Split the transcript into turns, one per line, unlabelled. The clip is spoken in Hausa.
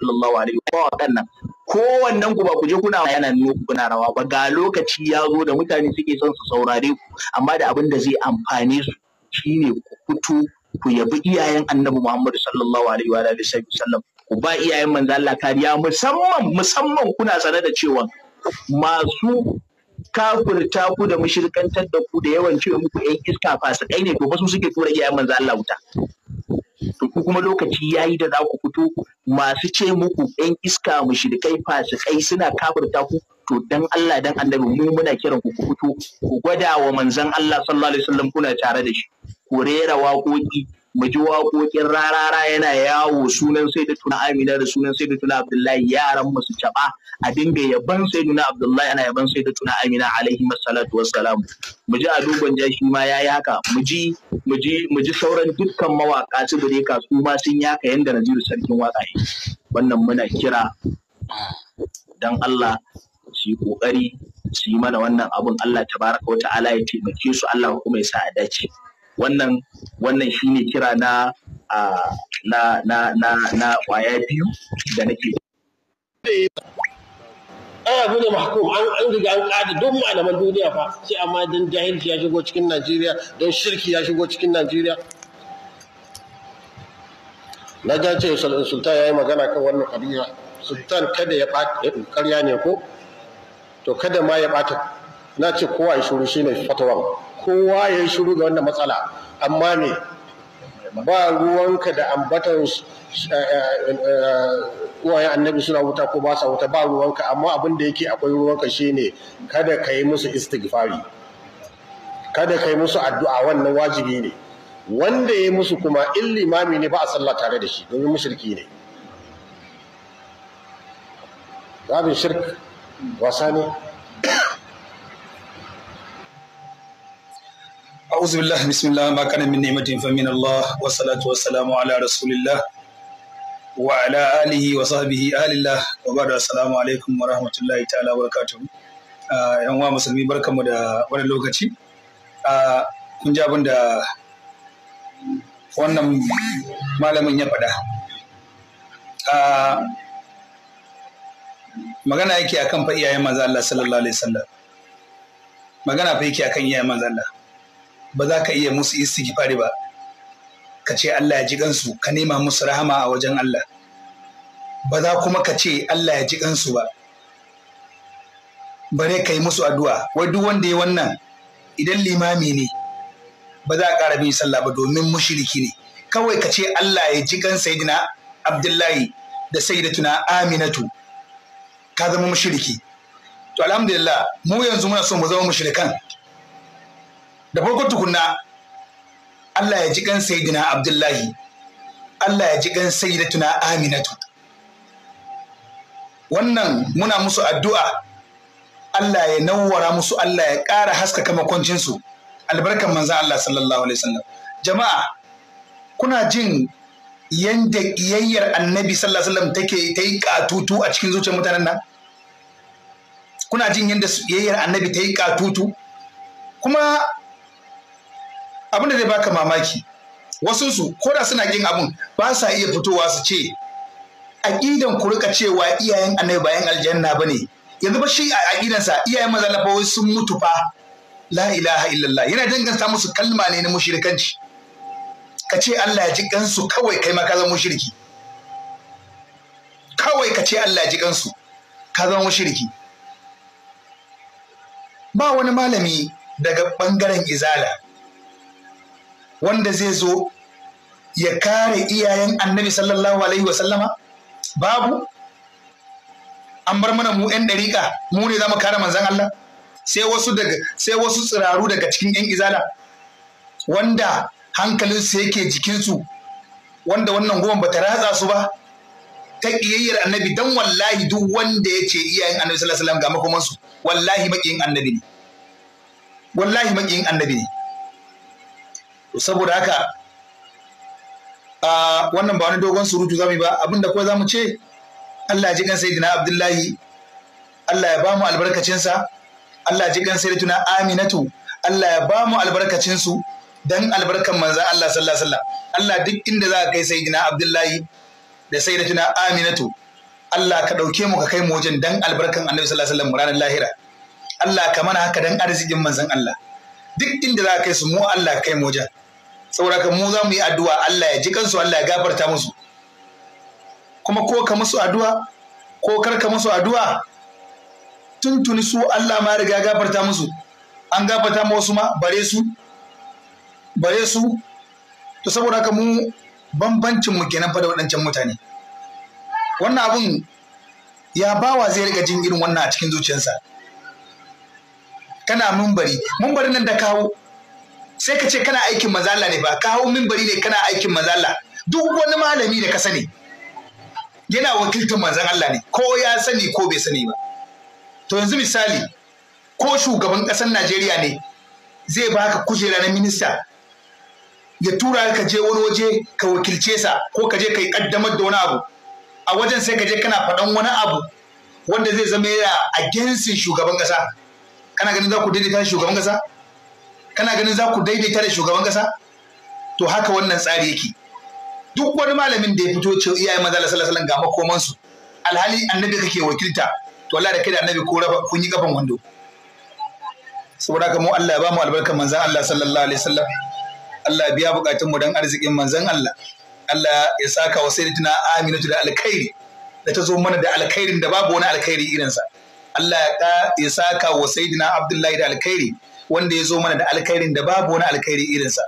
sallallahu alaihi wa sallam kowannen ku ba ku je kuna yana nuna kuna rawa ba ga lokaci ya zo da mutane suke son su saurare ku amma da abin da zai amfane su shine ku fito ku yabi iyayen annabi Muhammadu sallallahu alaihi wa sallam ku ba iyayen manzo Allah kariya musamman musamman kuna sanar da cewa masu kafirta ku da mushirkantar da ku da yawan ce muku ƴan iska fasikai ne to ba su suke tura iyayen manzo Allah wuta to ku kuma lokaci yayi da za ku to masu ce muku ‘yan iska mu kai fasikai suna kafirta ku to dan Allah dan annabi mu muna kiran ku ku fito ku gwada wa manzon Allah sallallahu alaihi wasallam kuna tare da shi ku rera waƙoƙi mu ji waƙoƙin rarara yana yawo sunan sai da tuna amina da sunan sai da tuna abdullahi yaran mu su caɓa a dinga yaban sai da abdullahi ana yaban sai da tuna amina alaihi masalatu wassalam mu ji a dogon jashi ma ya yi haka mu ji sauran dukkan mawaƙa su ka su ma sun yaka haka yanda naziru sarkin waƙa wannan muna kira dan Allah su yi ƙoƙari su yi mana wannan abun Allah tabaraka wa ta'ala ya taimake su Allah kuma ya sa a dace. wannan wannan shine kira na na na na na kwaya biyu da nake ana gudu mahkum an an riga an kada duk malaman duniya fa sai amma dan jahilci ya shigo cikin Najeriya don shirki ya shigo cikin Najeriya na ga ce sultan ya yi magana kan wannan kariya sultan kada ya ɓata ƙarya ne ko to kada ma ya ɓata na ce kowa ya shuru shine fatawa. kowa ya yi shiru ga wannan matsala amma ne ba ruwanka da ambatan eh, eh, eh, uwayen annabi suna wuta ko ba sa wuta ba ruwanka amma abin da yake akwai ruwanka shine kada ka yi musu istighfari kada ka yi musu addu'a wannan wajibi ne wanda ya yi musu kuma in limami ne ba a sallah tare da shi domin mushriki ne babin shirk wasa ne
أعوذ بالله بسم الله ما كان من نعمة فمن الله والصلاة والسلام على رسول الله وعلى آله وصحبه آل الله وبعد السلام عليكم ورحمة الله تعالى وبركاته musulmi da wani lokaci ah, kun da wannan malamin ya ah, magana yake akan fa iyayen sallallahu alaihi wasallam magana fa yake akan iyayen manzo Allah ba za ka iya musu istighfari ba ka ce Allah ya ji gansu ka nema musu rahama a wajen Allah ba za kuma ka ce Allah ya ji gansu ba bare ka yi musu addu'a wai duk wanda ya wannan idan limami ne ba za a ƙara bin sallah ba domin mushriki ne kawai ka ce Allah ya ji gan sayyidina Abdullahi da sayyidatuna Aminatu ka zama mushriki to alhamdulillah mu yanzu muna so mu zama mushrikan da farko tukunna Allah ya ji kan sayyidina Abdullahi Allah ya ji kan sayyidatuna Aminatu wannan muna musu addu'a Allah ya nawwara musu Allah ya ƙara haskaka su albarkan manzan Allah sallallahu alaihi wasallam jama'a kuna jin yanda iyayyar annabi sallallahu alaihi wasallam take ta yi katutu a cikin zuciyar mutanen nan kuna jin yanda iyayyar annabi ta yi katutu kuma abin da zai baka mamaki wasu su ko da suna kin abun ba sa iya fitowa su ce aqidan ku rika cewa iyayen annabi bayan aljanna bane yanzu ba shi a aqidansa iyayen mazallafa sun mutu fa la ilaha illallah yana danganta musu kalma ne na mushrikanci ka ce Allah ya ji gansu kawai kai ma ka zama mushriki kawai ka ce Allah ya ji gansu ka zama mushriki ba wani malami daga bangaren izala wanda zai zo ya kare iyayen annabi sallallahu alaihi wasallama babu an bar mana mu 'yan ɗariƙa mu ne za mu kare manzan Allah sai wasu daga sai wasu tsiraru daga cikin 'yan izala wanda su yake jikinsu wanda wannan goma bata ratsa su ba ta ƙiyayyar annabi dan wallahi duk wanda ya ce iyayen annabi sallallahu alaihi wasallam ga makomansu wallahi maƙiyin annabi ne wallahi maƙiyin annabi ne to saboda haka a wannan ba wani dogon surutu zamu ba abinda kawai zamu ce Allah ji kan sayyidina Abdullahi Allah ya bamu albarkacin sa Allah ji kan sayyidina Aminatu Allah ya bamu albarkacin su dan albarkan manzo Allah sallallahu alaihi wasallam Allah duk inda za ka kai sayyidina Abdullahi da sayyidina Aminatu Allah ka dauke mu ka kai mu wajen dan albarkan Annabi sallallahu alaihi wasallam ranar lahira Allah ka mana haka dan arzikin manzon Allah duk inda za ka kai su mu Allah kai mu wajen saboda mu za mu yi addu'a Allah ya ji kansu Allah ya gafarta musu kuma ko ka musu addu'a ko kar ka musu addu'a tuntuni su Allah ma riga gafarta musu an gafarta ma wasu ma bare su bare su to saboda haka mu bambancin mu kenan fa da waɗancan mutane wannan abun ya bawa zai riga jin irin wannan a cikin zuciyarsa kana Mun bari nan da kawo sai ka ce kana aikin mazala ne ba ka hau mimbari ne kana aikin mazala. duk wani malami da ka sani yana wakiltar manzan Allah ne ko ya sani ko bai sani ba to yanzu misali ko shugaban ƙasar Najeriya ne zai baka kujera na minista ya tura ka je wani waje ka wakilce sa ko ka je ka yi kaddamar da wani abu a wajen sai ka je kana faɗan wani abu wanda zai zama yana agensin shugaban ƙasa kana ganin za ku daidaita shugaban ƙasa kana ganin za ku daidaita da shugaban kasa to haka wannan tsari yake duk wani malamin da ya fito ce iyaye maza sallallahu alaihi wasallam ga makoman su alhali annabi kake wakilta to Allah da kai da annabi ko raba kun yi gaban wando saboda haka mu Allah ya ba mu albarkar manzon Allah sallallahu alaihi wasallam Allah ya biya bukatun mu dan arzikin manzon Allah Allah ya saka wa sayyidina Aminatu da alkhairi da ta zo mana da alkhairin da babu wani alkhairi irinsa Allah ya saka wa sayyidina Abdullahi da alkhairi wanda ya zo mana da alkhairin da babu wani alkhairi irinsa